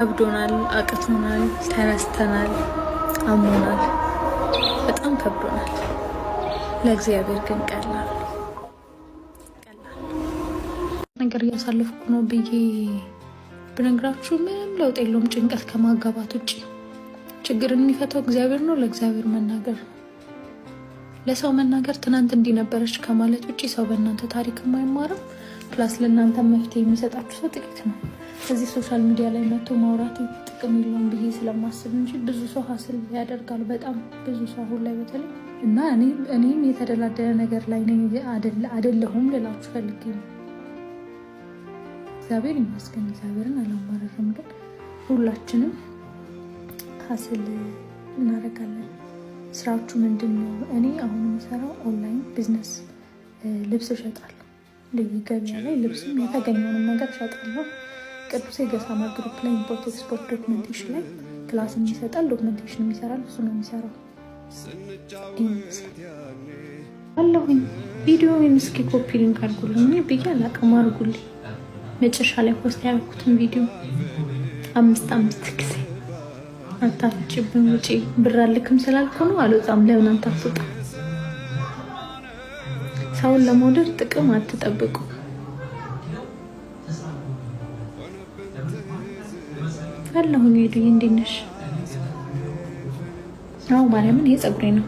ከብዶናል፣ አቅቶናል፣ ተነስተናል፣ አሞናል፣ በጣም ከብዶናል። ለእግዚአብሔር ግን ቀላል ነገር እያሳለፍኩ ነው ብዬ ብነግራችሁ ምንም ለውጥ የለውም። ጭንቀት ከማጋባት ውጭ ችግርን የሚፈታው እግዚአብሔር ነው። ለእግዚአብሔር መናገር ነው። ለሰው መናገር ትናንት እንዲነበረች ከማለት ውጭ ሰው በእናንተ ታሪክ አይማርም ፕላስ ለእናንተ መፍትሄ የሚሰጣችሁ ሰው ጥቂት ነው። እዚህ ሶሻል ሚዲያ ላይ መጥቶ ማውራት ጥቅም የለውም ብዬ ስለማስብ እንጂ ብዙ ሰው ሀስል ያደርጋል። በጣም ብዙ ሰው አሁን ላይ በተለይ እና እኔም የተደላደለ ነገር ላይ አደለሁም ልላችሁ ፈልጌ ነው። እግዚአብሔር ይመስገን፣ እግዚአብሔርን አላማረርም። ግን ሁላችንም ሀስል እናደርጋለን። ስራችሁ ምንድን ነው? እኔ አሁን የምሰራው ኦንላይን ቢዝነስ ልብስ እሸጣለሁ። ልዩ ገበያ ላይ ልብስም የተገኘውንም ነገር እሸጣለሁ። ቅዱስ የገሳማ ግሩፕ ላይ ኢምፖርት ኤክስፖርት ዶክመንቴሽን ላይ ክላስ የሚሰጣል፣ ዶክመንቴሽን የሚሰራል። እሱ ነው የሚሰራው። አለሁኝ ቪዲዮ ወይም እስኪ ኮፒ ሊንክ አድርጉልኝ ብዬ አላቅም፣ አድርጉልኝ። መጨረሻ ላይ ፖስት ያደረኩትን ቪዲዮ አምስት አምስት ጊዜ አታፍጭብን ውጪ ብር አልክም ስላልኩ ነው። አልወጣም። ለምን አንታፍጣ ሰውን ለመውደድ ጥቅም አትጠብቁ። አለሁኝ። ሄዱ እንዴት ነሽ? አዎ ማርያምን፣ ይሄ ፀጉሬ ነው።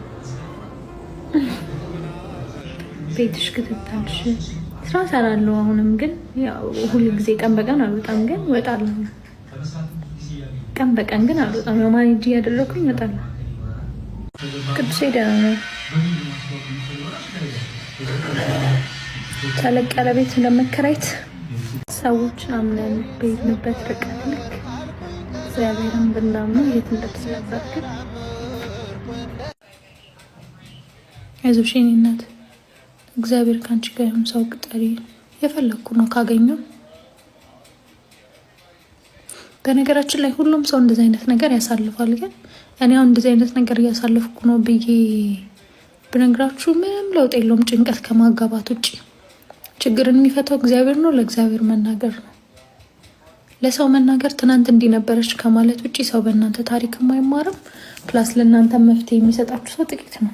ቤትሽ ክትታልሽ ስራ ሰራለሁ። አሁንም ግን ያው ሁሉ ጊዜ ቀን በቀን አልወጣም፣ ግን እወጣለሁ። ቀን በቀን ግን አልወጣም። ማኔጅ እያደረኩኝ እወጣለሁ። ቅዱስ ደህና ነው። ተለቅ ያለ ቤት ለመከራየት ሰዎች አምነን በሄድንበት ርቀት ልክ እግዚአብሔርን የት እንደርስ ነበር። ግን አይዞሽ እናት፣ እግዚአብሔር ከአንቺ ጋር ይሁን። ሰው ቅጠሪ፣ የፈለግኩ ነው ካገኘው። በነገራችን ላይ ሁሉም ሰው እንደዚህ አይነት ነገር ያሳልፋል። ግን እኔ አሁን እንደዚህ አይነት ነገር እያሳለፍኩ ነው ብዬ ብነግራችሁ ምንም ለውጥ የለውም። ጭንቀት ከማጋባት ውጭ ችግርን የሚፈታው እግዚአብሔር ነው። ለእግዚአብሔር መናገር ነው። ለሰው መናገር ትናንት እንዲነበረች ከማለት ውጭ ሰው በእናንተ ታሪክም አይማርም። ፕላስ ለእናንተ መፍትሄ የሚሰጣችሁ ሰው ጥቂት ነው።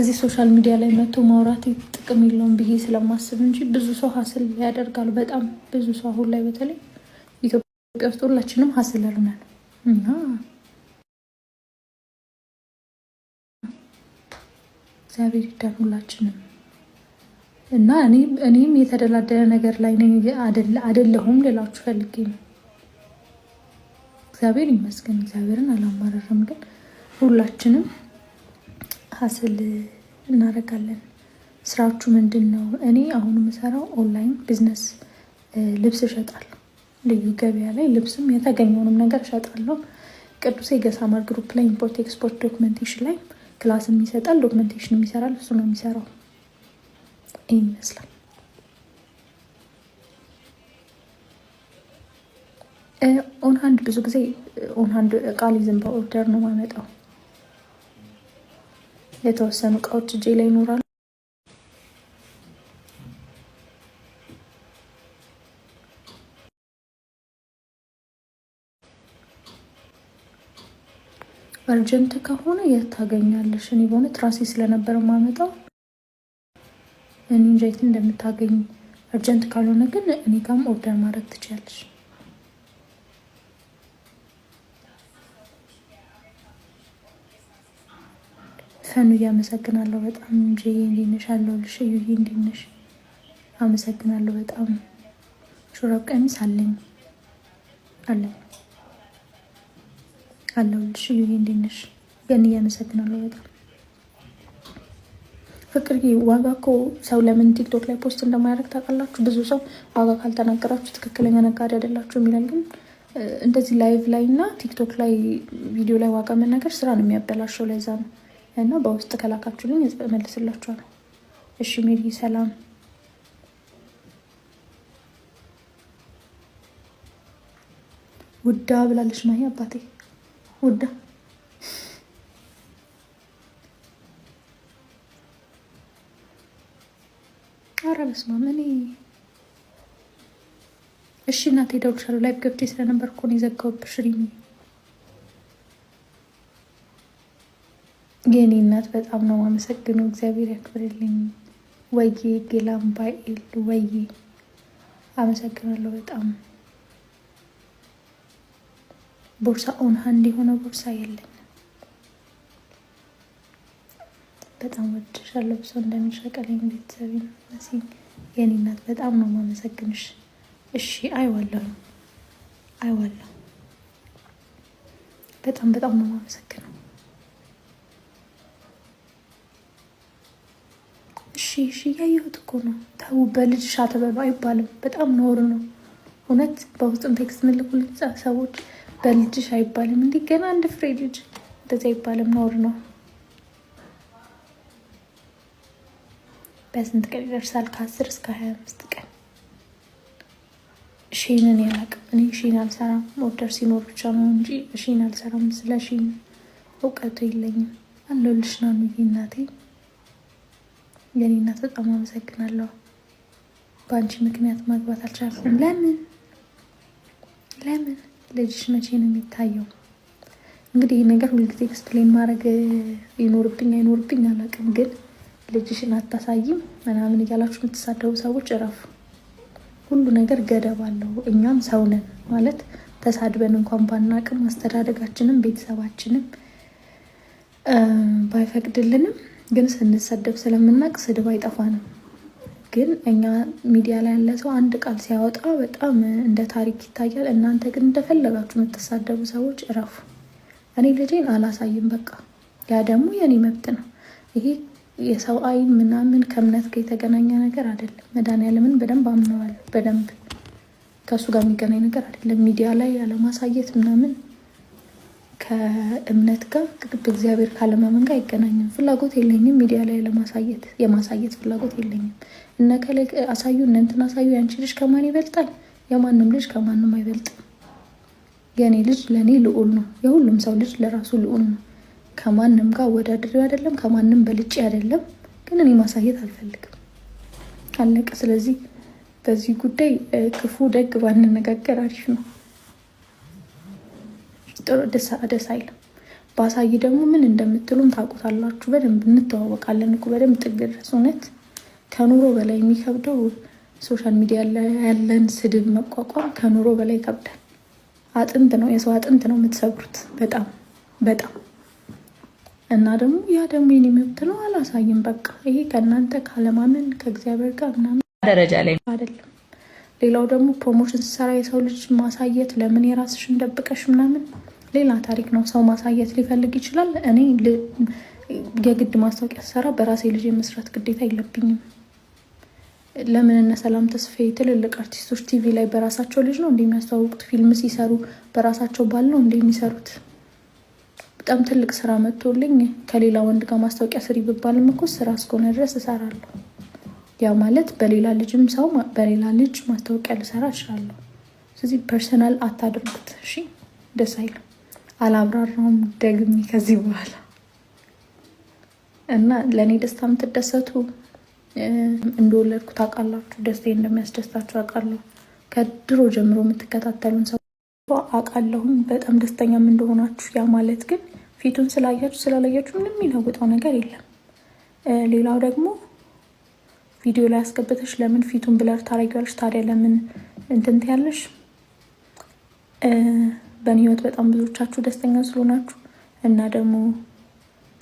እዚህ ሶሻል ሚዲያ ላይ መጥቶ ማውራት ጥቅም የለውም ብዬ ስለማስብ እንጂ ብዙ ሰው ሀስል ያደርጋሉ። በጣም ብዙ ሰው አሁን ላይ በተለይ ኢትዮጵያ ውስጥ ሁላችንም ሀስል እርነን እና እግዚአብሔር ይዳን ሁላችንም እና እኔም የተደላደለ ነገር ላይ አደለሁም ልላችሁ ፈልጌ ነው። እግዚአብሔር ይመስገን፣ እግዚአብሔርን አላማረርም። ግን ሁላችንም ሀስል እናደርጋለን። ስራችሁ ምንድን ነው? እኔ አሁን የምሰራው ኦንላይን ቢዝነስ ልብስ እሸጣለሁ። ልዩ ገበያ ላይ ልብስም የተገኘውንም ነገር እሸጣለሁ። ቅዱሴ የገሳማር ግሩፕ ላይ ኢምፖርት ኤክስፖርት ዶክመንቴሽን ላይ ክላስም ይሰጣል፣ ዶክመንቴሽንም ይሰራል። እሱ ነው የሚሰራው። ይህ ይመስላል። ኦንሃንድ ብዙ ጊዜ ኦንሃንድ እቃ ሊዝም በኦርደር ነው ማመጣው። የተወሰኑ እቃዎች እጄ ላይ ይኖራሉ። እርጀንት ከሆነ የት ታገኛለሽ? እኔ በሆነ ራሴ ስለነበረ ማመጣው እኔ እንጃ የት እንደምታገኝ። እርጀንት ካልሆነ ግን እኔ ጋም ኦርደር ማድረግ ትችላለሽ። ፈኑ እያመሰግናለሁ በጣም እንጂ እንዴት ነሽ አለሁልሽ። እዩዬ እንዴት ነሽ? አመሰግናለሁ በጣም ሹራብ ቀሚስ አለኝ አለኝ አለሁልሽ። እዩዬ እንዴት ነሽ? ገን እያመሰግናለሁ በጣም ፍቅር። ዋጋ እኮ ሰው ለምን ቲክቶክ ላይ ፖስት እንደማያደርግ ታውቃላችሁ? ብዙ ሰው ዋጋ ካልተናገራችሁ ትክክለኛ ነጋዴ አይደላችሁ የሚለን ግን እንደዚህ ላይቭ ላይ እና ቲክቶክ ላይ ቪዲዮ ላይ ዋጋ መናገር ስራ ነው የሚያበላሸው። ለዛ ነው እና በውስጥ ከላካችሁልኝ እመልስላችኋለሁ። እሺ ሜሪ ሰላም። ውዳ ብላለች ማሂ። አባቴ ውዳ አረ በስመ አብ። እኔ እሺ እናቴ ደውልሻለሁ። ላይቭ ገብቼ ስለነበር እኮ ነው የዘጋሁብሽ የኔ እናት በጣም ነው አመሰግነው። እግዚአብሔር ያክብርልኝ። ወይ ጌላም ጌላምባኤል ወይ አመሰግናለሁ በጣም ቦርሳ ኦን ሀንድ የሆነ ቦርሳ የለኝ። በጣም ወድሻለሁ። ብሶ እንደሚሸቀለኝ ቤተሰብ መሲ የኔ እናት በጣም ነው ማመሰግንሽ። እሺ አይዋለሁ አይዋለሁ። በጣም በጣም ነው ማመሰግነው። እሺ እያየሁት እኮ ነው። ተው በልጅሽ አትበሉ አይባልም። በጣም ኖር ነው እውነት። በውስጥም ቴክስት ምልኩልኝ ሰዎች በልጅሽ አይባልም። እንዲህ ገና አንድ ፍሬ ልጅ እንደዚ አይባልም፣ ኖር ነው። በስንት ቀን ይደርሳል? ከአስር እስከ ሀያ አምስት ቀን ሺንን ያላቅም። እኔ ሺን አልሰራም። ኦርደር ሲኖር ብቻ ነው እንጂ ሺን አልሰራም። ስለ ሺን እውቀቱ የለኝም። አለሁልሽ ናኑዬ እናቴ። የኔ እናት በጣም አመሰግናለሁ። በአንቺ ምክንያት ማግባት አልቻልኩም። ለምን ለምን ልጅሽ መቼ ነው የሚታየው? እንግዲህ ይህ ነገር ሁልጊዜ ኤክስፕሌን ማድረግ ይኖርብኝ አይኖርብኝ አላውቅም፣ ግን ልጅሽን አታሳይም ምናምን እያላችሁ የምትሳደቡ ሰዎች እረፉ። ሁሉ ነገር ገደብ አለው። እኛም ሰው ነን ማለት ተሳድበን እንኳን ባናቅም አስተዳደጋችንም ቤተሰባችንም ባይፈቅድልንም ግን ስንሰደብ ስለምናውቅ ስድብ አይጠፋንም። ግን እኛ ሚዲያ ላይ ያለ ሰው አንድ ቃል ሲያወጣ በጣም እንደ ታሪክ ይታያል። እናንተ ግን እንደፈለጋችሁ የምትሳደቡ ሰዎች እረፉ። እኔ ልጄን አላሳይም፣ በቃ ያ ደግሞ የኔ መብት ነው። ይሄ የሰው አይን ምናምን ከእምነት ጋር የተገናኘ ነገር አይደለም። መድኃኒዓለምን በደንብ አምነዋል። በደንብ ከእሱ ጋር የሚገናኝ ነገር አይደለም። ሚዲያ ላይ ያለማሳየት ምናምን ከእምነት ጋር እግዚአብሔር ካለማመን ጋር አይገናኝም። ፍላጎት የለኝም፣ ሚዲያ ላይ ለማሳየት የማሳየት ፍላጎት የለኝም። እነ ከሌ አሳዩ፣ እነ እንትን አሳዩ። ያንቺ ልጅ ከማን ይበልጣል? የማንም ልጅ ከማንም አይበልጥም። የእኔ ልጅ ለእኔ ልዑል ነው። የሁሉም ሰው ልጅ ለራሱ ልዑል ነው። ከማንም ጋር ወዳድሬው አይደለም፣ ከማንም በልጬ አይደለም። ግን እኔ ማሳየት አልፈልግም። አለቀ። ስለዚህ በዚህ ጉዳይ ክፉ ደግ ባንነጋገር አሪፍ ነው። ጥሩ ደስ አይልም። ባሳይ ደግሞ ምን እንደምትሉም ታውቁታላችሁ። በደንብ እንተዋወቃለን እኮ በደንብ ጥግ ድረስ። እውነት ከኑሮ በላይ የሚከብደው ሶሻል ሚዲያ ያለን ስድብ መቋቋም ከኑሮ በላይ ይከብዳል። አጥንት ነው የሰው አጥንት ነው የምትሰብሩት። በጣም በጣም እና ደግሞ ያ ደግሞ የኔ መብት ነው አላሳይም። በቃ ይሄ ከእናንተ ካለማመን ከእግዚአብሔር ጋር ምናምን ደረጃ ላይ አይደለም። ሌላው ደግሞ ፕሮሞሽን ስሰራ የሰው ልጅ ማሳየት ለምን የራስሽን ደብቀሽ ምናምን ሌላ ታሪክ ነው። ሰው ማሳየት ሊፈልግ ይችላል። እኔ የግድ ማስታወቂያ ስሰራ በራሴ ልጅ የመስራት ግዴታ የለብኝም። ለምን እነ ሰላም ተስፋዬ ትልልቅ አርቲስቶች ቲቪ ላይ በራሳቸው ልጅ ነው እንደሚያስተዋውቁት፣ ፊልም ሲሰሩ በራሳቸው ባል ነው እንደሚሰሩት። በጣም ትልቅ ስራ መጥቶልኝ ከሌላ ወንድ ጋር ማስታወቂያ ስሪ ብባልም እኮ ስራ እስከሆነ ድረስ እሰራለሁ። ያ ማለት በሌላ ልጅም ሰው በሌላ ልጅ ማስታወቂያ ልሰራ እችላለሁ። ስለዚህ ፐርሰናል አታድርጉት። እሺ፣ ደስ አይልም። አላብራራውም ደግሜ ከዚህ በኋላ እና ለእኔ ደስታ የምትደሰቱ እንደወለድኩ ታውቃላችሁ። ደስታ እንደሚያስደስታችሁ አውቃለሁ። ከድሮ ጀምሮ የምትከታተሉን ሰው አውቃለሁም በጣም ደስተኛም እንደሆናችሁ። ያ ማለት ግን ፊቱን ስላያችሁ ስላላያችሁ ምንም የሚለውጠው ነገር የለም። ሌላው ደግሞ ቪዲዮ ላይ ያስገብተሽ ለምን ፊቱን ብለር ታደርጊዋለሽ? ታዲያ ለምን እንትንት ያለሽ በእኔ ህይወት በጣም ብዙዎቻችሁ ደስተኛ ስለሆናችሁ እና ደግሞ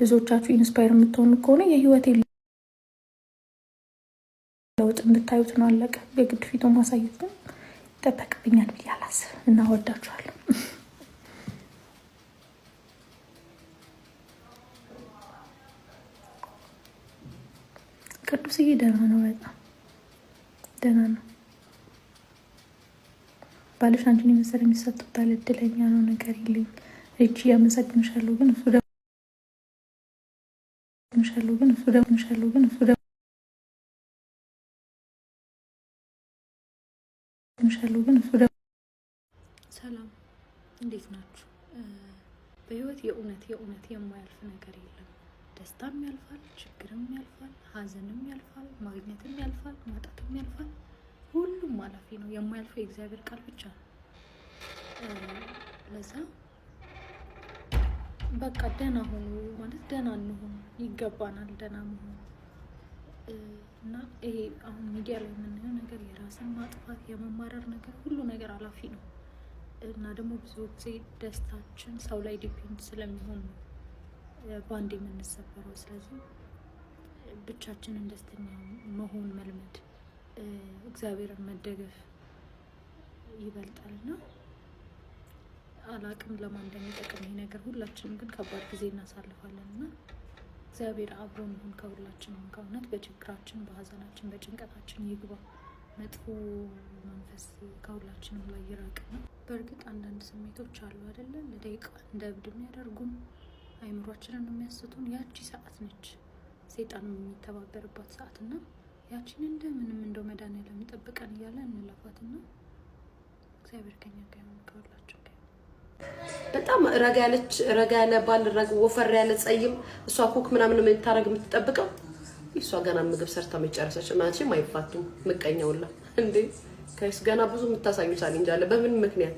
ብዙዎቻችሁ ኢንስፓየር የምትሆኑ ከሆነ የህይወት ለውጥ እንድታዩት ነው። አለቀ። የግድ ፊቶ ማሳየት ግን ይጠበቅብኛል ብዬ አላስብም እና ወዳችኋለሁ። ቅዱስዬ ደህና ነው፣ በጣም ደህና ነው። ባልሽ አንቺን የመሰለ የሚሰጥ ባል እድለኛ ነው። ነገር የለኝ እጅ ያመሰግንሻለሁ፣ ግን እሱ ግን እሱ ግን እሱ ግን እሱ ሰላም፣ እንዴት ናችሁ? በህይወት የእውነት የእውነት የማያልፍ ነገር የለም። ደስታም ያልፋል፣ ችግርም ያልፋል፣ ሀዘንም ያልፋል፣ ማግኘትም ያልፋል፣ ማጣትም ያልፋል። ሁሉም አላፊ ነው። የማያልፈው የእግዚአብሔር ቃል ብቻ ነው። ለዛ በቃ ደህና ሆኖ ማለት ደህና እንሆኑ ይገባናል። ደህና መሆኑ እና ይሄ አሁን ሚዲያ ላይ የምናየው ነገር የራስን ማጥፋት የመማረር ነገር ሁሉ ነገር አላፊ ነው እና ደግሞ ብዙ ጊዜ ደስታችን ሰው ላይ ዲፔንድ ስለሚሆን ነው በአንድ የምንሰበረው። ስለዚህ ብቻችንን ደስተኛ መሆን መልመድ እግዚአብሔርን መደገፍ ይበልጣል ነው። አላቅም ለማን እንደሚጠቅም ይሄ ነገር። ሁላችንም ግን ከባድ ጊዜ እናሳልፋለን እና እግዚአብሔር አብሮን ይሁን ከሁላችንም ከእውነት በችግራችን፣ በሀዘናችን፣ በጭንቀታችን ይግባ። መጥፎ መንፈስ ከሁላችንም ላይ ይራቅ ነው። በእርግጥ አንዳንድ ስሜቶች አሉ አይደለ? ለደቂቃ እንደ እብድ የሚያደርጉን አይምሯችንን የሚያስቱን ያቺ ሰዓት ነች ሰይጣን የሚተባበርባት ሰዓት እና ያችን እንደ ምንም እንደው መድኃኒዓለም ጠብቀን እያለ እንለፋትና እግዚአብሔር ከኛ ጋር ይሆንላችሁ። በጣም ረጋ ያለች ረጋ ያለ ባል ረጋ ወፈር ያለ ጸይም እሷ ኩክ ምናምን የምታረግ የምትጠብቀው እሷ ገና ምግብ ሰርታ መጨረሰች። መቼም አይፋቱም። ምቀኛውላ እንዴ ከስ ገና ብዙ የምታሳዩ ቻሌንጅ አለ። በምን ምክንያት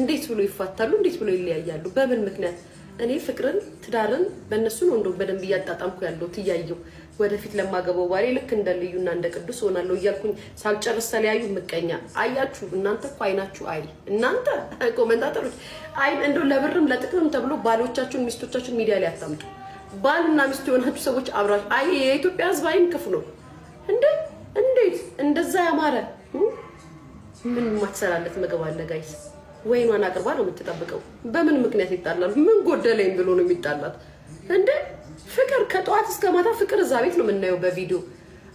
እንዴት ብሎ ይፋታሉ? እንዴት ብሎ ይለያያሉ? በምን ምክንያት እኔ ፍቅርን ትዳርን በእነሱ ነው እንደው በደንብ እያጣጣምኩ ያለው ትያየው ወደፊት ለማገባው ባሌ ልክ እንደ ልዩና እንደ ቅዱስ ሆናለሁ እያልኩኝ ሳልጨርስ ተለያዩ። ምቀኛ አያችሁ እናንተ እኮ አይናችሁ አይ እናንተ ኮመንታተሮች አይ እንደው ለብርም ለጥቅምም ተብሎ ባሎቻችሁን ሚስቶቻችሁን ሚዲያ ላይ አታምጡ። ባልና ሚስት የሆናችሁ ሰዎች አብራችሁ አይ የኢትዮጵያ ሕዝብ አይን ክፉ ነው እንዴ! እንዴት እንደዛ ያማረ ምን ማትሰራለት ምግብ አለ ጋይስ ወይኗን አቅርባ ነው የምትጠብቀው። በምን ምክንያት ይጣላል? ምን ጎደለኝ ብሎ ነው የሚጣላት? እንደ ፍቅር ከጠዋት እስከ ማታ ፍቅር እዛ ቤት ነው የምናየው በቪዲዮ።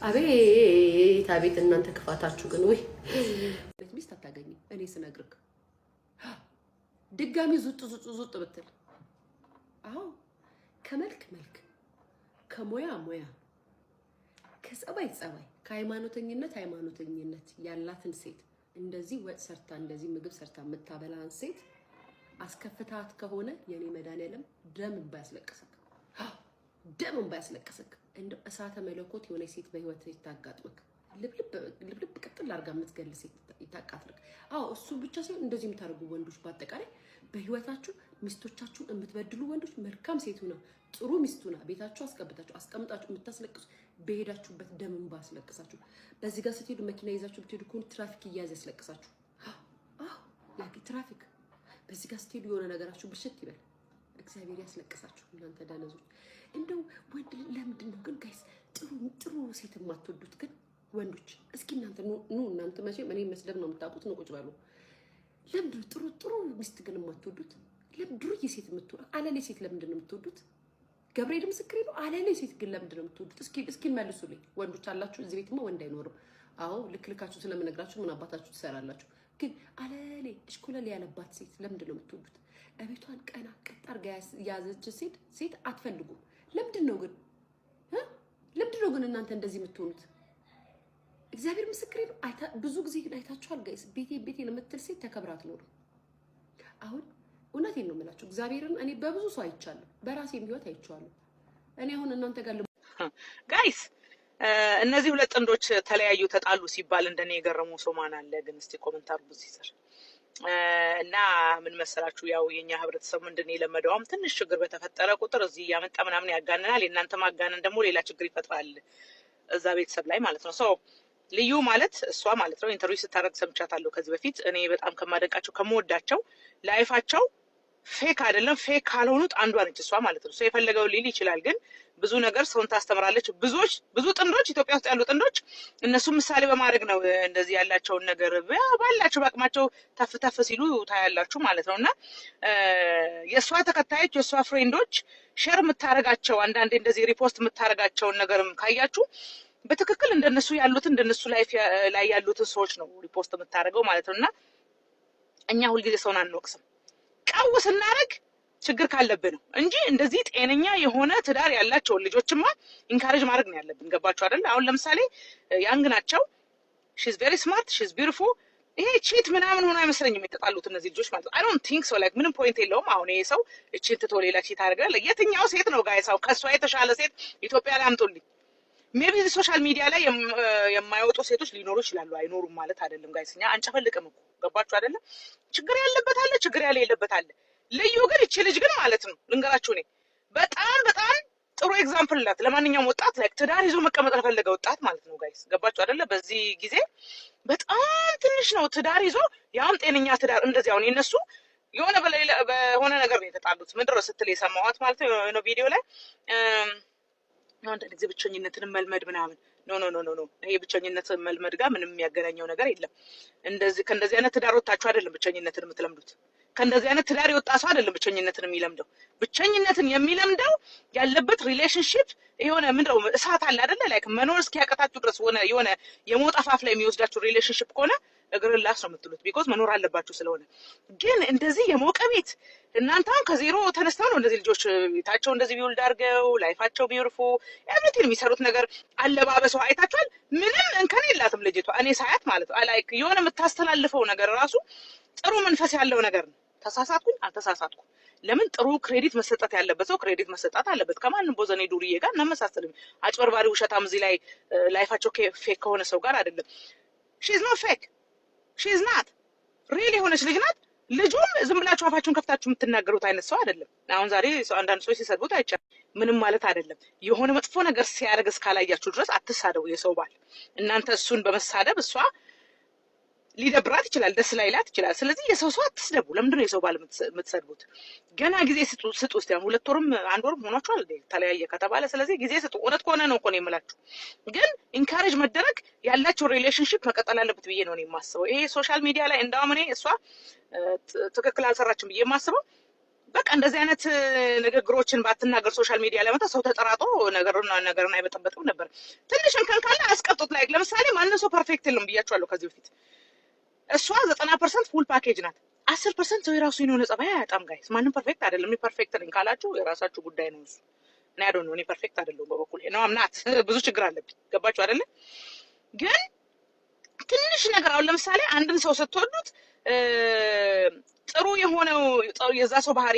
አቤት አቤት! እናንተ ክፋታችሁ ግን ወይ ሚስት አታገኝም። እኔ ስነግርክ ድጋሚ ዙጥ ዙጥ ዙጥ ብትል አዎ፣ ከመልክ መልክ፣ ከሙያ ሙያ፣ ከጸባይ ጸባይ፣ ከሃይማኖተኝነት ሃይማኖተኝነት ያላትን ሴት እንደዚህ ወጥ ሰርታ እንደዚህ ምግብ ሰርታ የምታበላን ሴት አስከፍታት ከሆነ የኔ መድኃኒዓለም ደም ባያስለቅስክ ደም ባያስለቅስክ እንደው እሳተ መለኮት የሆነ ሴት በህይወት ይታጋጥምክ። ልብልብ ቅጥል አድርጋ የምትገል ሴት ይታቃትልክ። አዎ እሱ ብቻ ሳይሆን እንደዚህ የምታደርጉ ወንዶች በአጠቃላይ በህይወታችሁ ሚስቶቻችሁን የምትበድሉ ወንዶች መልካም ሴት ሁና ጥሩ ሚስት ሁና ቤታችሁ አስቀብታችሁ አስቀምጣችሁ የምታስለቅሱ በሄዳችሁበት ደም ባስለቅሳችሁ አስለቅሳችሁ፣ በዚህ ጋር ስትሄዱ መኪና ይዛችሁ ብትሄዱ ከሆነ ትራፊክ እያያዘ ያስለቅሳችሁ። ትራፊክ በዚህ ጋር ስትሄዱ የሆነ ነገራችሁ ብሽት ይበል። እግዚአብሔር ያስለቅሳችሁ። እናንተ ደነዞች፣ እንደው ወንድ ለምንድን ነው ግን ጋይስ ጥሩ ጥሩ ሴት የማትወዱት ግን ወንዶች? እስኪ እናንተ ኑ እናንተ መቼም እኔ መስደብ ነው የምታውቁት፣ ነው ቁጭ በሉ። ለምንድን ነው ጥሩ ጥሩ ሚስት ግን የማትወዱት? ለምን ድሩዬ ሴት የምትወዱ አለሌ ሴት ለምንድን ነው የምትወዱት? ገብርኤል ምስክሬ ነው አለለ። ሴት ግን ለምንድን ነው የምትወዱት? እስኪ እስኪ መልሱልኝ ወንዶች አላችሁ እዚህ ቤትማ ወንድ አይኖርም። አዎ ልክልካችሁ ስለምነግራችሁ ምን አባታችሁ ትሰራላችሁ? ግን አለሌ እሽኮለሌ ያለባት ሴት ለምንድን ነው የምትወዱት? እቤቷን ቀና ቀጥ አድርጋ የያዘች ሴት ሴት አትፈልጉም። ለምንድን ነው ግን ለምንድን ነው ግን እናንተ እንደዚህ የምትሆኑት? እግዚአብሔር ምስክሬ ነው። ብዙ ጊዜ አይታችኋል ጋይስ፣ ቤቴ ቤቴ የምትል ሴት ተከብራ አትኖርም። አሁን እውነቴን ነው የምላቸው። እግዚአብሔርን እኔ በብዙ ሰው አይቻለሁ፣ በራሴ ህይወት አይቼዋለሁ። እኔ አሁን እናንተ ጋር ጋይስ እነዚህ ሁለት ጥንዶች ተለያዩ ተጣሉ ሲባል እንደኔ የገረመው ሰው ማን አለ ግን? እስቲ ኮመንት አርጉ ሲሰር እና ምን መሰላችሁ፣ ያው የኛ ህብረተሰብ ምንድን የለመደውም ትንሽ ችግር በተፈጠረ ቁጥር እዚህ እያመጣ ምናምን ያጋንናል። የእናንተ ማጋነን ደግሞ ሌላ ችግር ይፈጥራል እዛ ቤተሰብ ላይ ማለት ነው። ሰው ልዩ ማለት እሷ ማለት ነው። ኢንተርቪው ስታደርግ ሰምቻታለሁ ከዚህ በፊት እኔ በጣም ከማደንቃቸው ከምወዳቸው ላይፋቸው ፌክ አይደለም። ፌክ ካልሆኑት አንዷ ነች እሷ ማለት ነው። ሰው የፈለገው ሊል ይችላል፣ ግን ብዙ ነገር ሰውን ታስተምራለች። ብዙዎች ብዙ ጥንዶች ኢትዮጵያ ውስጥ ያሉ ጥንዶች እነሱ ምሳሌ በማድረግ ነው እንደዚህ ያላቸውን ነገር ባላቸው በአቅማቸው ተፍ ተፍ ሲሉ ታያላችሁ ማለት ነው። እና የእሷ ተከታዮች የእሷ ፍሬንዶች ሼር የምታደርጋቸው አንዳንዴ እንደዚህ ሪፖስት የምታደርጋቸውን ነገርም ካያችሁ በትክክል እንደነሱ ያሉትን እንደነሱ ላይፍ ላይ ያሉትን ሰዎች ነው ሪፖስት የምታደርገው ማለት ነው። እና እኛ ሁልጊዜ ሰውን አንወቅስም። ቀው ስናደርግ ችግር ካለብን ነው እንጂ እንደዚህ ጤነኛ የሆነ ትዳር ያላቸውን ልጆችማ ኢንካሬጅ ማድረግ ነው ያለብን። ገባችሁ አይደል? አሁን ለምሳሌ ያንግ ናቸው። ሺዝ ቬሪ ስማርት ሺዝ ቢዩቲፉል። ይሄ ቺት ምናምን ሆኖ አይመስለኝም የተጣሉት እነዚህ ልጆች ማለት ነው። አይ ዶንት ቲንክ ሶ ላይክ ምንም ፖይንት የለውም። አሁን ይሄ ሰው እቺን ትቶ ሌላ ቺት አድርጋል። የትኛው ሴት ነው ጋይሳው? ከእሷ የተሻለ ሴት ኢትዮጵያ ላይ አምጡልኝ። ሜቢ ሶሻል ሚዲያ ላይ የማይወጡ ሴቶች ሊኖሩ ይችላሉ። አይኖሩም ማለት አይደለም። ጋይስ እኛ አንጨፈልቅም እኮ ገባችሁ አይደለም? ችግር ያለበት አለ፣ ችግር ያለ የለበት አለ። ልዩ ግን ይቺ ልጅ ግን ማለት ነው ልንገራችሁ፣ እኔ በጣም በጣም ጥሩ ኤግዛምፕል ናት። ለማንኛውም ወጣት ላይ ትዳር ይዞ መቀመጥ ለፈለገ ወጣት ማለት ነው ጋይስ ገባችሁ አይደለ? በዚህ ጊዜ በጣም ትንሽ ነው ትዳር ይዞ ያም ጤነኛ ትዳር እንደዚህ አሁን የነሱ የሆነ በሆነ ነገር ነው የተጣሉት ምንድን ነው ስትል የሰማኋት ማለት ነው የሆነ ቪዲዮ ላይ አንዳንድ ጊዜ ብቸኝነትን መልመድ ምናምን ኖ ኖ ኖ ኖ ይሄ ብቸኝነት መልመድ ጋር ምንም የሚያገናኘው ነገር የለም። እንደዚህ ከእንደዚህ አይነት ትዳር ወጥታችሁ አይደለም ብቸኝነትን የምትለምዱት። ከእንደዚህ አይነት ትዳር የወጣ ሰው አይደለም ብቸኝነትን የሚለምደው። ብቸኝነትን የሚለምደው ያለበት ሪሌሽንሽፕ የሆነ ምንድነው እሳት አለ አይደለ? ላይክ መኖር እስኪያቀታችሁ ድረስ የሆነ የሆነ የሞት አፋፍ ላይ የሚወስዳችሁ ሪሌሽንሽፕ ከሆነ እግር ላስ ነው የምትሉት፣ ቢኮዝ መኖር አለባቸው ስለሆነ። ግን እንደዚህ የሞቀ ቤት እናንተ አሁን ከዜሮ ተነስተው ነው እንደዚህ ልጆች ቤታቸው እንደዚህ ቢውልድ አድርገው ላይፋቸው ቢርፉ ኤቭሪቲን የሚሰሩት ነገር አለባበሰው አይታችኋል። ምንም እንከን የላትም ልጅቷ። እኔ ሳያት ማለት ነው ላይክ የሆነ የምታስተላልፈው ነገር ራሱ ጥሩ መንፈስ ያለው ነገር ነው። ተሳሳትኩኝ አልተሳሳትኩም። ለምን ጥሩ ክሬዲት መሰጠት ያለበት ሰው ክሬዲት መሰጣት አለበት። ከማንም ቦዘኔ ዱርዬ ጋር እናመሳሰልም። አጭበርባሪ ውሸታም እዚህ ላይ ላይፋቸው ፌክ ከሆነ ሰው ጋር አይደለም። ሺዝ ኖ ፌክ ሺዝ ናት ሪል የሆነች ልጅ ናት። ልጁም ዝም ብላችሁ አፋችሁን ከፍታችሁ የምትናገሩት አይነት ሰው አይደለም። አሁን ዛሬ አንዳንድ ሰዎች ሲሰድቡት አይቻልም፣ ምንም ማለት አይደለም። የሆነ መጥፎ ነገር ሲያደርግ እስካላያችሁ ድረስ አትሳደቡ የሰው ባል። እናንተ እሱን በመሳደብ እሷ ሊደብራት ይችላል፣ ደስ ላይላት ይችላል። ስለዚህ የሰው ሰው አትስደቡ። ለምንድነው የሰው ባል የምትሰድቡት? ገና ጊዜ ስጡ ስጡ። እስኪ ሁለት ወርም አንድ ወርም ሆኗችኋል ተለያየ ከተባለ፣ ስለዚህ ጊዜ ስጡ። እውነት ከሆነ ነው እኮ ነው የምላችሁ። ግን ኢንካሬጅ መደረግ ያላቸው ሪሌሽንሽፕ መቀጠል አለበት ብዬ ነው የማስበው። ይሄ ሶሻል ሚዲያ ላይ እንዳውም እኔ እሷ ትክክል አልሰራችም ብዬ የማስበው በቃ እንደዚህ አይነት ንግግሮችን ባትናገር ሶሻል ሚዲያ ላይ መታ ሰው ተጠራጦ ነገሩን ነገርን አይበጠበጥም ነበር። ትንሽ እንከን ካለ አስቀጡት። ላይ ለምሳሌ ማንም ሰው ፐርፌክት የለም ብያቸዋለሁ ከዚህ በፊት እሷ ዘጠና ፐርሰንት ፉል ፓኬጅ ናት። አስር ፐርሰንት ሰው የራሱ የሆነ ጸባይ አያጣም። ጋይስ ማንም ፐርፌክት አይደለም። እኔ ፐርፌክት ነኝ ካላችሁ የራሳችሁ ጉዳይ ነው እሱ። እኔ ያደ ነው እኔ ፐርፌክት አይደለሁም በበኩል ነው አምናት ብዙ ችግር አለብኝ። ገባችሁ አደለ? ግን ትንሽ ነገር አሁን ለምሳሌ አንድን ሰው ስትወዱት ጥሩ የሆነው የዛ ሰው ባህሪ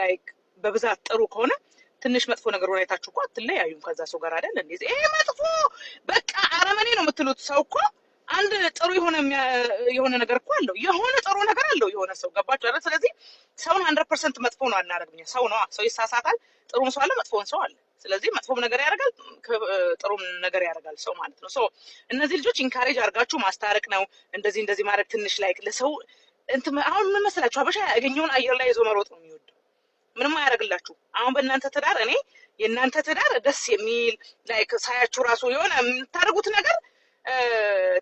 ላይክ በብዛት ጥሩ ከሆነ ትንሽ መጥፎ ነገር ሁኔታችሁ እኮ አትለያዩም ከዛ ሰው ጋር አይደል? እንዴ ይሄ መጥፎ በቃ አረመኔ ነው የምትሉት ሰው እኮ አንድ ጥሩ የሆነ የሆነ ነገር እኮ አለው፣ የሆነ ጥሩ ነገር አለው የሆነ ሰው ገባችሁ አይደል? ስለዚህ ሰውን ሀንድረድ ፐርሰንት መጥፎ ነው አናደርግኛ። ሰው ነዋ፣ ሰው ይሳሳታል። ጥሩም ሰው አለ፣ መጥፎም ሰው አለ። ስለዚህ መጥፎም ነገር ያደርጋል፣ ጥሩም ነገር ያደርጋል ሰው ማለት ነው። እነዚህ ልጆች ኢንካሬጅ አድርጋችሁ ማስታረቅ ነው። እንደዚህ እንደዚህ ማድረግ ትንሽ ላይክ ለሰው አሁን ምን መሰላችሁ፣ ሀበሻ ያገኘውን አየር ላይ ይዞ መሮጥ ነው የሚወድ ምንም አያደርግላችሁ። አሁን በእናንተ ትዳር እኔ የእናንተ ትዳር ደስ የሚል ላይክ ሳያችሁ ራሱ የሆነ የምታደርጉት ነገር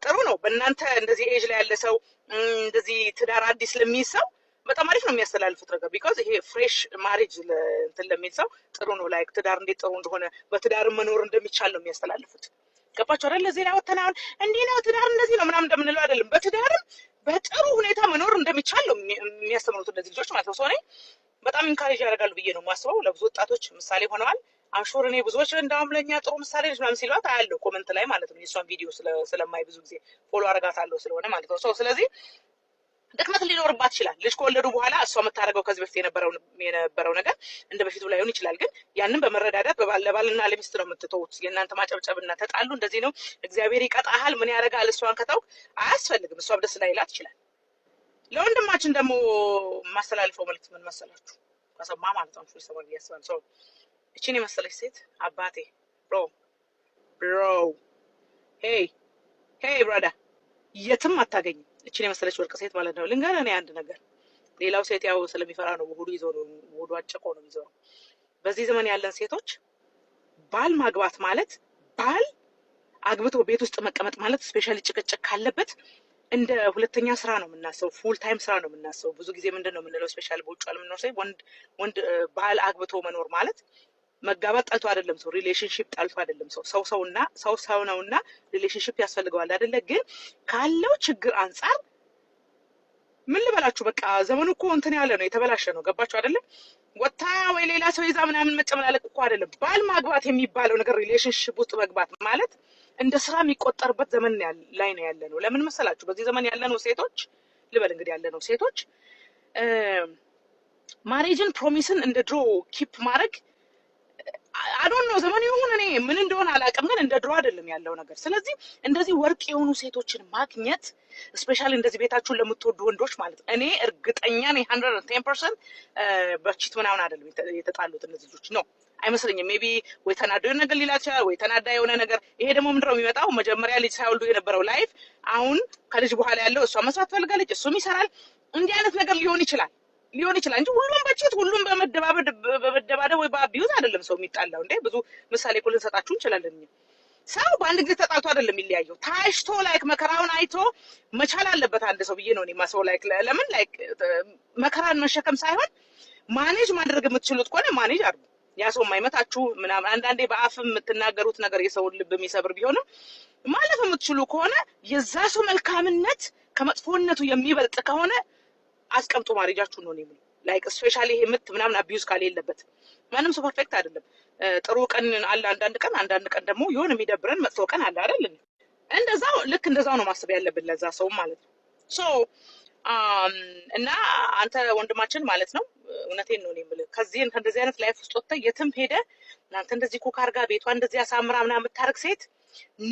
ጥሩ ነው። በእናንተ እንደዚህ ኤጅ ላይ ያለ ሰው እንደዚህ ትዳር አዲስ ለሚይዝ ሰው በጣም አሪፍ ነው የሚያስተላልፉት ነገር ቢካዝ ይሄ ፍሬሽ ማሬጅ እንትን ለሚል ሰው ጥሩ ነው። ላይክ ትዳር እንዴት ጥሩ እንደሆነ በትዳር መኖር እንደሚቻል ነው የሚያስተላልፉት። ገባቸው አይደለ? ዜና ወተናሁን አሁን እንዲህ ነው ትዳር እንደዚህ ነው ምናምን እንደምንለው አይደለም። በትዳርም በጥሩ ሁኔታ መኖር እንደሚቻል ነው የሚያስተምሩት እነዚህ ልጆች ማለት ነው። ሰው እኔ በጣም ኢንካሬጅ ያደርጋሉ ብዬ ነው የማስበው። ለብዙ ወጣቶች ምሳሌ ሆነዋል። አሹር እኔ ብዙዎች እንዳሁም ለእኛ ጥሩ ምሳሌ ነች ምናምን ሲሏት አያለሁ ኮመንት ላይ ማለት ነው። የእሷን ቪዲዮ ስለማይ ብዙ ጊዜ ፎሎ አረጋታለሁ ስለሆነ ማለት ነው። ስለዚህ ድክመት ሊኖርባት ይችላል። ልጅ ከወለዱ በኋላ እሷ የምታደርገው ከዚህ በፊት የነበረው ነገር እንደ በፊቱ ላይሆን ይችላል። ግን ያንን በመረዳዳት ለባልና ለሚስት ነው የምትተውት። የእናንተ ማጨብጨብና ተጣሉ እንደዚህ ነው እግዚአብሔር ይቀጣሃል ምን ያደርጋል እሷን ከታውቅ አያስፈልግም። እሷ ደስ ላይላት ይችላል። ለወንድማችን ደግሞ የማስተላልፈው መልዕክት ምን መሰላችሁ? ከሰማ ማለት ነው ሰማ ያስባል ሰው እችን የመሰለች ሴት አባቴ ብሮ ብሮ ሄይ ሄይ ብራዳ የትም አታገኝም። እችን የመሰለች ወርቅ ሴት ማለት ነው። ልንገርህ እኔ አንድ ነገር፣ ሌላው ሴት ያው ስለሚፈራ ነው። ውሁዱ ይዞ ነው ውሁዱ አጭቆ ነው ይዞ ነው። በዚህ ዘመን ያለን ሴቶች ባል ማግባት ማለት ባል አግብቶ ቤት ውስጥ መቀመጥ ማለት ስፔሻሊ ጭቅጭቅ ካለበት እንደ ሁለተኛ ስራ ነው የምናስበው። ፉል ታይም ስራ ነው የምናስበው። ብዙ ጊዜ ምንድን ነው የምንለው ስፔሻል በውጭ ዓለም የምንኖር ወንድ ባል አግብቶ መኖር ማለት መጋባት ጠልቶ አይደለም ሰው ሪሌሽንሽፕ ጠልቶ አይደለም ሰው ሰው ሰውና ሰው ሰው ነውና ሪሌሽንሽፕ ያስፈልገዋል አይደለ? ግን ካለው ችግር አንጻር ምን ልበላችሁ፣ በቃ ዘመኑ እኮ እንትን ያለ ነው፣ የተበላሸ ነው። ገባችሁ አይደለም? ወታ ወይ ሌላ ሰው ይዛ ምናምን መጨመላለቅ እኮ አይደለም። ባል ማግባት የሚባለው ነገር ሪሌሽንሽፕ ውስጥ መግባት ማለት እንደ ስራ የሚቆጠርበት ዘመን ላይ ነው ያለ ነው። ለምን መሰላችሁ? በዚህ ዘመን ያለ ነው ሴቶች ልበል እንግዲህ ያለ ነው ሴቶች ማሬጅን ፕሮሚስን እንደ ድሮ ኪፕ ማድረግ አዶን ነው ዘመን ይሁን እኔ ምን እንደሆነ አላውቅም፣ ግን እንደ ድሮ አይደለም ያለው ነገር። ስለዚህ እንደዚህ ወርቅ የሆኑ ሴቶችን ማግኘት ስፔሻሊ እንደዚህ ቤታችሁን ለምትወዱ ወንዶች ማለት እኔ እርግጠኛ ነኝ ሀንድረድ ቴን ፐርሰንት በቺት ምናምን አይደለም የተጣሉት እነዚህ ልጆች ነው አይመስለኝም። ሜቢ ወይ ተናዶ የሆነ ነገር ሊላት ይችላል፣ ወይ ተናዳ የሆነ ነገር። ይሄ ደግሞ ምንድን ነው የሚመጣው? መጀመሪያ ልጅ ሳይወልዱ የነበረው ላይፍ አሁን ከልጅ በኋላ ያለው እሷ መስራት ትፈልጋለች፣ እሱም ይሰራል። እንዲህ አይነት ነገር ሊሆን ይችላል። ሊሆን ይችላል እንጂ ሁሉም በጭት ሁሉም በመደባደብ ወይ በአቢዩዝ አይደለም ሰው የሚጣላው። እንዴ ብዙ ምሳሌ እኮ ልንሰጣችሁ እንችላለን። ሰው በአንድ ጊዜ ተጣልቶ አይደለም የሚለያየው። ታሽቶ ላይክ መከራውን አይቶ መቻል አለበት አንድ ሰው ብዬ ነው እኔ ማሰው። ላይክ ለምን ላይክ መከራን መሸከም ሳይሆን ማኔጅ ማድረግ የምትችሉት ከሆነ ማኔጅ አድርጉ። ያ ሰው የማይመታችሁ ምናምን አንዳንዴ በአፍ የምትናገሩት ነገር የሰውን ልብ የሚሰብር ቢሆንም ማለፍ የምትችሉ ከሆነ የዛ ሰው መልካምነት ከመጥፎነቱ የሚበልጥ ከሆነ አስቀምጦ ማሬጃችሁ ነው ነው ላይክ ስፔሻሊ ይሄ ምት ምናምን አቢዩዝ ካል የለበት። ማንም ሰው ፐርፌክት አይደለም። ጥሩ ቀን አለ አንዳንድ ቀን፣ አንዳንድ ቀን ደግሞ የሆነ የሚደብረን መጥፎ ቀን አለ አይደል? እንደዛው ልክ እንደዛው ነው ማሰብ ያለብን ለዛ ሰው ማለት ነው። ሶ um, እና አንተ ወንድማችን ማለት ነው እውነቴን ነው የምልህ። ከዚህን ከእንደዚህ አይነት ላይፍ ውስጥ ወጥተ የትም ሄደ እናንተ እንደዚህ ኮካ አድርጋ ቤቷ እንደዚህ አሳምራ ምናምን የምታደርግ ሴት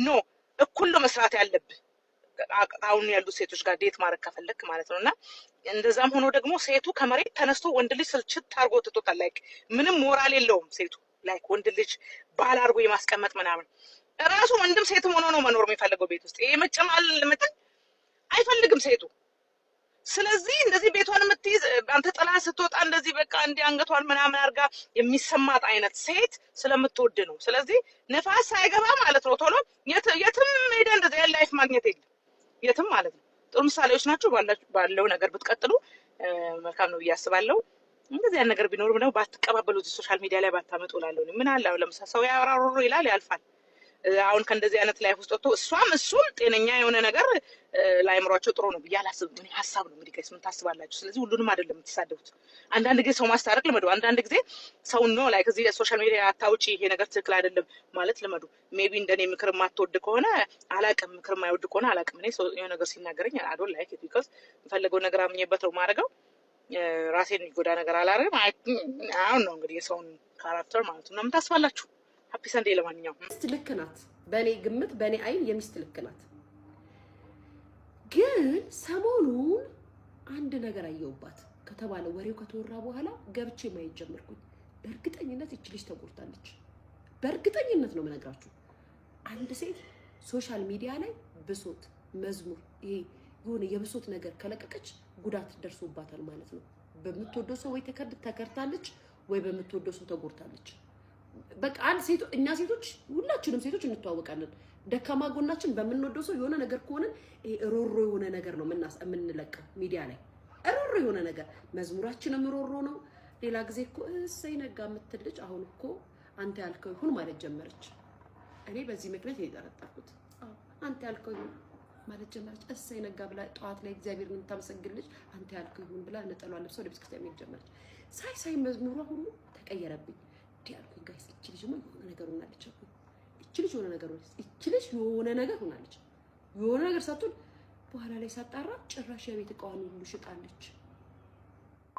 ኖ እኩል ነው መስራት ያለብህ አሁን ያሉት ሴቶች ጋር ዴት ማድረግ ከፈለግ ማለት ነው እና እንደዛም ሆኖ ደግሞ ሴቱ ከመሬት ተነስቶ ወንድ ልጅ ስልችት አርጎ ትቶታል። ላይክ ምንም ሞራል የለውም ሴቱ ላይክ ወንድ ልጅ ባል አርጎ የማስቀመጥ ምናምን ራሱ ወንድም ሴትም ሆኖ ነው መኖር የሚፈልገው ቤት ውስጥ። ይሄ መጨማል ምትን አይፈልግም ሴቱ። ስለዚህ እንደዚህ ቤቷን የምትይዝ አንተ ጥላ ስትወጣ እንደዚህ በቃ እንዲ አንገቷን ምናምን አድርጋ የሚሰማት አይነት ሴት ስለምትወድ ነው። ስለዚህ ነፋስ ሳይገባ ማለት ነው ቶሎ የትም ሄደ እንደዚህ ላይፍ ማግኘት የለም የትም ማለት ነው። ጥሩ ምሳሌዎች ናቸው። ባለው ነገር ብትቀጥሉ መልካም ነው ብዬ አስባለሁ። እንደዚህ ያን ነገር ቢኖርም ደግሞ ባትቀባበሉት፣ ሶሻል ሚዲያ ላይ ባታመጡ ላለው ምን አለ። ለምሳሌ ሰው ያወራሮሮ ይላል ያልፋል። አሁን ከእንደዚህ አይነት ላይፍ ውስጥ ወጥቶ እሷም እሱም ጤነኛ የሆነ ነገር ለአይምሯቸው ጥሩ ነው ብዬ አላስብም። እኔ ሀሳብ ነው እንግዲህ ጋይስ ምን ታስባላችሁ? ስለዚህ ሁሉንም አይደለም የምትሳደቡት። አንዳንድ ጊዜ ሰው ማስታረቅ ልመዱ። አንዳንድ ጊዜ ሰው ነው ላይ ከዚህ ሶሻል ሚዲያ አታውጪ፣ ይሄ ነገር ትክክል አይደለም ማለት ልመዱ። ሜቢ እንደኔ ምክር የማትወድ ከሆነ አላቅም፣ ምክር የማይወድ ከሆነ አላቅም። እኔ ሰው የሆነ ነገር ሲናገረኝ አዶን ላይክ ቢኮዝ የምፈልገው ነገር አምኜበት ነው ማድረገው ራሴን የሚጎዳ ነገር አላደርግም። አሁን ነው እንግዲህ የሰውን ካራክተር ማለት ነው። ምን ታስባላችሁ? ሀፒ ሰንዴ። ለማንኛውም ሚስት ልክ ናት፣ በእኔ ግምት፣ በእኔ አይን የሚስት ልክ ናት። ግን ሰሞኑን አንድ ነገር አየውባት ከተባለ ወሬው ከተወራ በኋላ ገብቼ ማየት ጀመርኩኝ። በእርግጠኝነት ይች ልጅ ተጎድታለች። በእርግጠኝነት ነው የምነግራችሁ። አንድ ሴት ሶሻል ሚዲያ ላይ ብሶት መዝሙር፣ ይሄ የሆነ የብሶት ነገር ከለቀቀች ጉዳት ደርሶባታል ማለት ነው። በምትወደው ሰው ወይ ተከርታለች፣ ወይ በምትወደው ሰው ተጎድታለች። በቃ አንድ ሴቶ እኛ ሴቶች ሁላችንም ሴቶች እንተዋወቃለን። ደካማ ጎናችን በምንወደው ሰው የሆነ ነገር ከሆነን ሮሮ የሆነ ነገር ነው የምንለቀው ሚዲያ ላይ ሮሮ የሆነ ነገር መዝሙራችንም ሮሮ ነው። ሌላ ጊዜ እኮ እሰይ ነጋ የምትል ልጅ አሁን እኮ አንተ ያልከው ይሁን ማለት ጀመረች። እኔ በዚህ ምክንያት የጠረጠርኩት አንተ ያልከው ይሁን ማለት ጀመረች። እሰይ ነጋ ብላ ጠዋት ላይ እግዚአብሔር የምታመሰግን ልጅ አንተ ያልከው ይሁን ብላ ነጠሏ ለብሳ ወደ ቤተክርስቲያን ጀመረች። ሳይ ሳይ መዝሙሯ ሁሉ ተቀየረብኝ። ጉድ ያልኩኝ ጋይስ፣ እቺ ልጅማ የሆነ ነገር ሆናለች አልኩኝ። እቺ ልጅ የሆነ ነገር ሆናለች፣ እቺ ልጅ የሆነ ነገር ሆናለች። የሆነ ነገር ሳትሆን በኋላ ላይ ሳጣራ ጭራሽ የቤት እቃዋን ሁሉ ሽጣለች።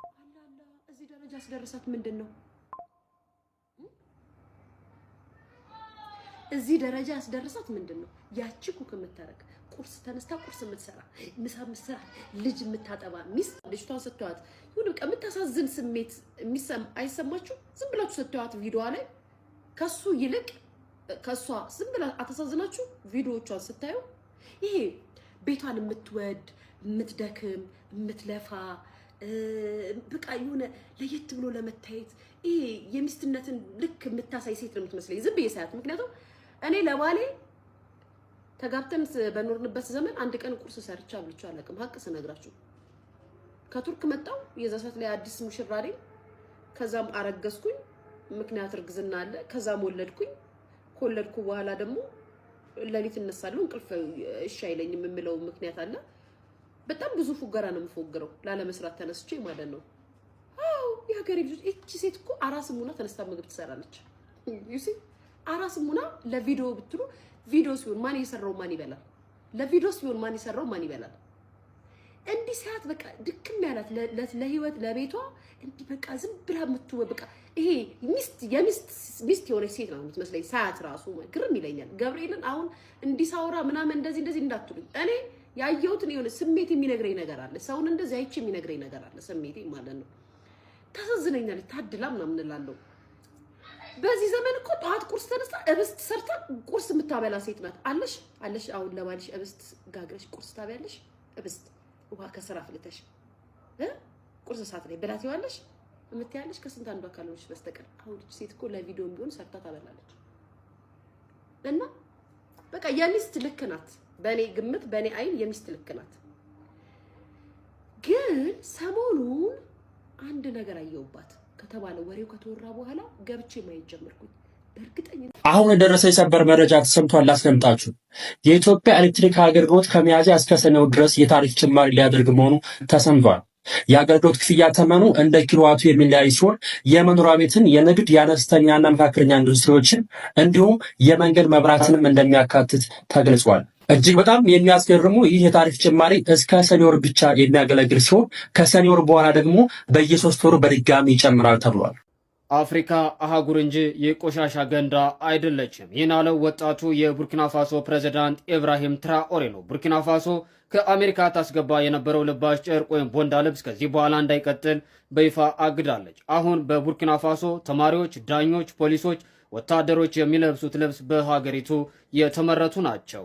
አላላ እዚህ ደረጃ አስደረሳት። ምንድን ነው እዚህ ደረጃ አስደረሳት። ምንድን ነው ያቺ ኩክ የምታረግ ቁርስ ተነስታ ቁርስ የምትሰራ ምሳ የምትሰራ ልጅ የምታጠባ ሚስት ልጅቷን ስትዋት ሁሉ የምታሳዝን ስሜት አይሰማችሁ? ዝም ብላችሁ ስትዋት ቪዲዮዋ ላይ ከሱ ይልቅ ከእሷ ዝም ብላ አታሳዝናችሁ? ቪዲዮቿን ስታዩ ይሄ ቤቷን የምትወድ የምትደክም የምትለፋ በቃ የሆነ ለየት ብሎ ለመታየት ይሄ የሚስትነትን ልክ የምታሳይ ሴት ነው የምትመስለኝ ዝም ብዬ ሳያት። ምክንያቱም እኔ ለባሌ ተጋብተን በኖርንበት ዘመን አንድ ቀን ቁርስ ሰርቻ አብልቼ አላውቅም። ሀቅ ስነግራችሁ ከቱርክ መጣሁ። የዛ ሰዓት ላይ አዲስ ሙሽራ ነኝ። ከዛም አረገዝኩኝ። ምክንያት እርግዝና አለ። ከዛም ወለድኩኝ። ከወለድኩ በኋላ ደግሞ ለሊት እነሳለሁ፣ እንቅልፍ እሺ አይለኝም የምለው ምክንያት አለ። በጣም ብዙ ፉገራ ነው የምፎግረው ላለመስራት ተነስቼ ማለት ነው። አዎ የሀገሬ ልጆች፣ እቺ ሴት እኮ አራስ ሙና ተነስታ ምግብ ትሰራለች። ዩሲ አራስ ሙና ለቪዲዮ ብትሉ ቪዲዮ ሲሆን ማን የሰራው ማን ይበላል? ለቪዲዮ ሲሆን ማን የሰራው ማን ይበላል? እንዲህ ሰዓት በቃ ድክም ያላት ለህይወት ለቤቷ እንዲህ በቃ ዝም ብላ የምትወ በቃ ይሄ ሚስት የሚስት ሚስት የሆነች ሴት ነው የምትመስለኝ። ሳያት ራሱ ግርም ይለኛል። ገብርኤልን አሁን እንዲህ ሳውራ ምናምን እንደዚህ እንደዚህ እንዳትሉኝ። እኔ ያየሁትን የሆነ ስሜት የሚነግረኝ ነገር አለ። ሰውን እንደዚህ አይቼ የሚነግረኝ ነገር አለ። ስሜቴ ማለት ነው። ታሳዝነኛለች። ታድላ ምናምን እላለሁ። በዚህ ዘመን እኮ ጠዋት ቁርስ ተነሳ እብስት ሰርታ ቁርስ የምታበላ ሴት ናት። አለሽ አለሽ አሁን ለባልሽ እብስት ጋግረሽ ቁርስ ታበያለሽ። እብስት ውሃ ከስራ ፍልተሽ ቁርስ ሰዓት ላይ ብላት ይዋለሽ የምትያለሽ ከስንት አንዷ አካሎች በስተቀር አሁን ሴት እኮ ለቪዲዮም ቢሆን ሰርታ ታበላለች። እና በቃ የሚስት ልክ ናት። በእኔ ግምት በእኔ አይን የሚስት ልክ ናት። ግን ሰሞኑን አንድ ነገር አየውባት። ከተባለ ወሬው ከተወራ በኋላ ገብቼ ማየት ጀመርኩኝ። አሁን የደረሰ የሰበር መረጃ ተሰምቷል፣ ላስደምጣችሁ። የኢትዮጵያ ኤሌክትሪክ አገልግሎት ከሚያዝያ እስከ ሰኔው ድረስ የታሪፍ ጭማሪ ሊያደርግ መሆኑ ተሰምቷል። የአገልግሎት ክፍያ ተመኑ እንደ ኪሎዋቱ የሚለያይ ሲሆን የመኖሪያ ቤትን፣ የንግድ፣ የአነስተኛና መካከለኛ ኢንዱስትሪዎችን እንዲሁም የመንገድ መብራትንም እንደሚያካትት ተገልጿል። እጅግ በጣም የሚያስገርሙ ይህ የታሪፍ ጭማሪ እስከ ሰኔ ወር ብቻ የሚያገለግል ሲሆን ከሰኔ ወር በኋላ ደግሞ በየሶስት ወሩ በድጋሚ ይጨምራል ተብሏል። አፍሪካ አህጉር እንጂ የቆሻሻ ገንዳ አይደለችም። ይህን አለው ወጣቱ የቡርኪና ፋሶ ፕሬዚዳንት ኢብራሂም ትራኦሬ ነው። ቡርኪና ፋሶ ከአሜሪካ ታስገባ የነበረው ልባሽ ጨርቅ ወይም ቦንዳ ልብስ ከዚህ በኋላ እንዳይቀጥል በይፋ አግዳለች። አሁን በቡርኪና ፋሶ ተማሪዎች፣ ዳኞች፣ ፖሊሶች፣ ወታደሮች የሚለብሱት ልብስ በሀገሪቱ የተመረቱ ናቸው።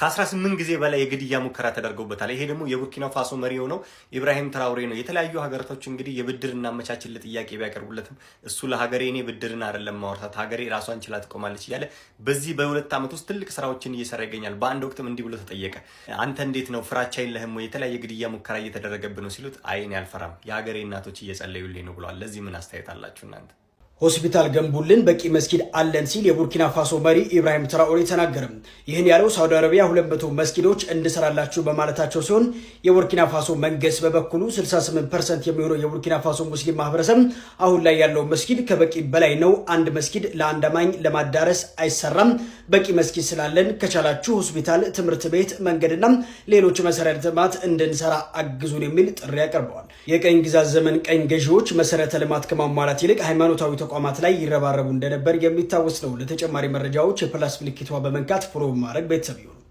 ከ18 ጊዜ በላይ የግድያ ሙከራ ተደርገውበታል። ይሄ ደግሞ የቡርኪና ፋሶ መሪ የሆነው ኢብራሂም ትራውሬ ነው። የተለያዩ ሀገራቶች እንግዲህ የብድርና አመቻችን ለጥያቄ ቢያቀርቡለትም እሱ ለሀገሬ እኔ ብድርን አይደለም ማውርታት ሀገሬ ራሷን ችላ ትቆማለች እያለ በዚህ በሁለት ዓመት ውስጥ ትልቅ ስራዎችን እየሰራ ይገኛል። በአንድ ወቅትም እንዲህ ብሎ ተጠየቀ። አንተ እንዴት ነው ፍራቻ የለህም ወይ? የተለያየ ግድያ ሙከራ እየተደረገብን ነው ሲሉት፣ አይን ያልፈራም አልፈራም የሀገሬ እናቶች እየጸለዩልኝ ነው ብለዋል። ለዚህ ምን አስተያየት አላችሁ እናንተ? ሆስፒታል ገንቡልን በቂ መስጊድ አለን ሲል የቡርኪና ፋሶ መሪ ኢብራሂም ትራኦሬ ተናገረም። ይህን ያለው ሳውዲ አረቢያ 200 መስጊዶች እንድሰራላችሁ በማለታቸው ሲሆን የቡርኪና ፋሶ መንግስት በበኩሉ 68 ፐርሰንት የሚሆነው የቡርኪና ፋሶ ሙስሊም ማህበረሰብ አሁን ላይ ያለው መስጊድ ከበቂ በላይ ነው። አንድ መስጊድ ለአንድ አማኝ ለማዳረስ አይሰራም። በቂ መስጊድ ስላለን ከቻላችሁ ሆስፒታል፣ ትምህርት ቤት፣ መንገድና ሌሎች መሰረተ ልማት እንድንሰራ አግዙን የሚል ጥሪ አቅርበዋል። የቀኝ ግዛት ዘመን ቀኝ ገዢዎች መሰረተ ልማት ከማሟላት ይልቅ ሃይማኖታዊ ተቋማት ላይ ይረባረቡ እንደነበር የሚታወስ ነው። ለተጨማሪ መረጃዎች የፕላስ ምልክቷ በመንካት ፎሎ በማድረግ ቤተሰብ ይሁኑ።